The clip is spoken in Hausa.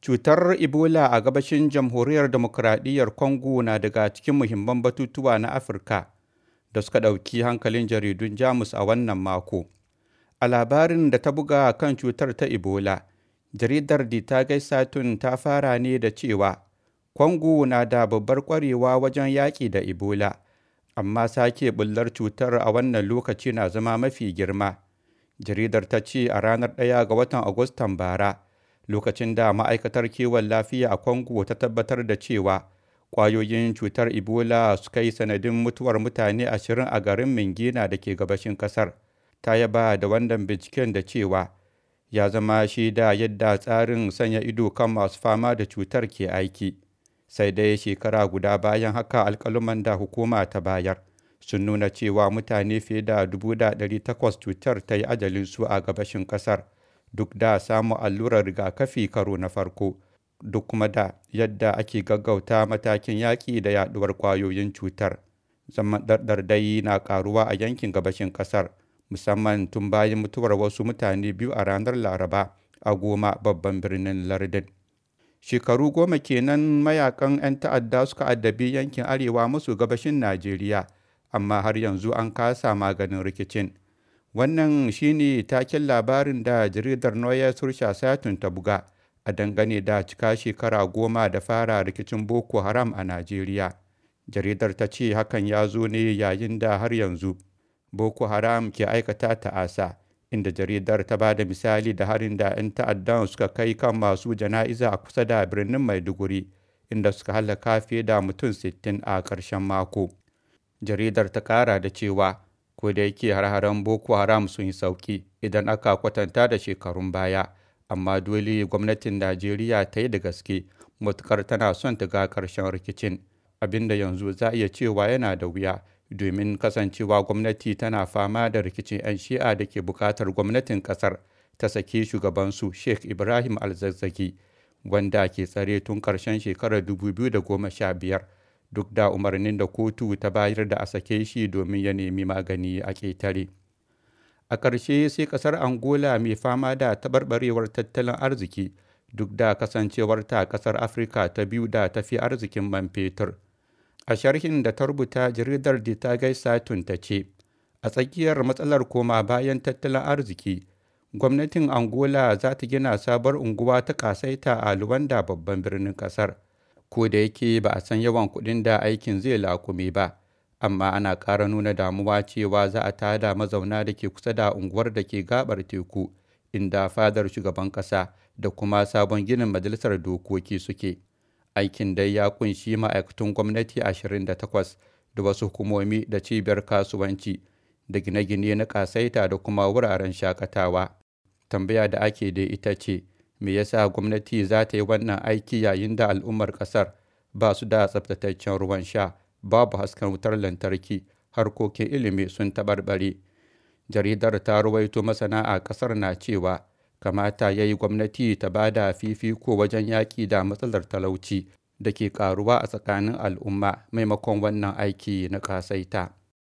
Cutar Ebola a gabashin jamhuriyar demokuraɗiyyar Congo na daga cikin muhimman batutuwa na Afirka da suka ɗauki hankalin jaridun Jamus a wannan mako. A labarin da ta buga kan cutar ta Ebola, jaridar Ditagai satun ta fara ne da cewa Congo na da babbar ƙwarewa wajen yaƙi da Ebola, amma sake bullar cutar a wannan lokaci na zama mafi girma. Jaridar ta ce a ranar ɗaya ga watan Agustan bara. lokacin da ma'aikatar kiwon lafiya a Congo ta tabbatar da cewa ƙwayoyin cutar Ebola suka yi sanadin mutuwar mutane ashirin a garin Mingina da ke gabashin ƙasar. Ta yaba da wannan binciken da cewa ya zama shi da yadda tsarin sanya ido kan masu fama da cutar ke aiki. Sai dai shekara guda bayan haka alkaluman da hukuma ta bayar sun nuna cewa mutane fiye da 1,800 cutar ta yi ajalinsu a gabashin ƙasar. duk da samu allurar rigakafi karo na farko duk kuma da yadda ake gaggauta matakin yaƙi da yaɗuwar kwayoyin cutar zama ɗarɗar dai na ƙaruwa a yankin gabashin ƙasar musamman tun bayan mutuwar wasu mutane biyu a ranar laraba a goma babban birnin lardin shekaru goma kenan mayakan 'yan ta'adda suka addabi yankin arewa musu gabashin najeriya amma har yanzu an kasa maganin rikicin Wannan shi ne taken labarin da jaridar Noya Zürcher Zeitung ta buga a dangane da cika shekara goma da fara rikicin Boko Haram a Najeriya. Jaridar ta ce hakan ya zo ne yayin da har yanzu Boko Haram ke aikata ta'asa, inda jaridar ta ba da misali da harin da 'yan ta'addan suka kai kan masu jana'iza a kusa da birnin Maiduguri, inda suka halaka fiye da mutum 60 a ƙarshen mako. Jaridar ta kara da cewa ko da yake har-haren boko haram sun yi sauki idan aka kwatanta da shekarun baya amma dole gwamnatin najeriya ta yi da gaske matukar tana son ta ga karshen rikicin abinda yanzu za iya cewa yana da wuya domin kasancewa gwamnati tana fama da rikicin 'yan shi'a da ke bukatar gwamnatin kasar ta saki shugabansu sheikh ibrahim alzazzaki wanda ke tsare tun karshen shekarar 2015 duk da umarnin da kotu ta bayar da a sake shi domin ya nemi magani a ƙetare. A ƙarshe sai ƙasar Angola mai fama da taɓarɓarewar tattalin arziki duk da kasancewar ta ƙasar Afrika ta biyu da tafi arzikin man fetur. A sharhin da ta rubuta jaridar da ta gaisa ta ce, a tsakiyar matsalar koma bayan tattalin arziki, gwamnatin Angola za ta gina sabuwar unguwa ta ƙasaita a Luwanda babban birnin ƙasar. ko da yake ba a san yawan kuɗin da aikin zai lakume ba amma ana ƙara nuna damuwa cewa za a tada mazauna da ke kusa da unguwar da ke gabar teku inda fadar shugaban ƙasa da kuma sabon ginin majalisar dokoki suke aikin dai ya kunshi ma'aikatan gwamnati 28 da wasu hukumomi da cibiyar kasuwanci da gine-gine na kasaita da kuma wuraren shakatawa tambaya da ake da ita ce me yasa gwamnati za ta yi wannan aiki yayin da al'ummar ƙasar ba su da tsaftataccen ruwan sha babu hasken wutar lantarki harkokin ilimi sun taɓarɓare jaridar ta ruwaito masana a ƙasar na cewa kamata ya yi gwamnati ta ba da fifiko wajen yaƙi da matsalar talauci da ke ƙaruwa a tsakanin al'umma maimakon wannan aiki na ƙasaita.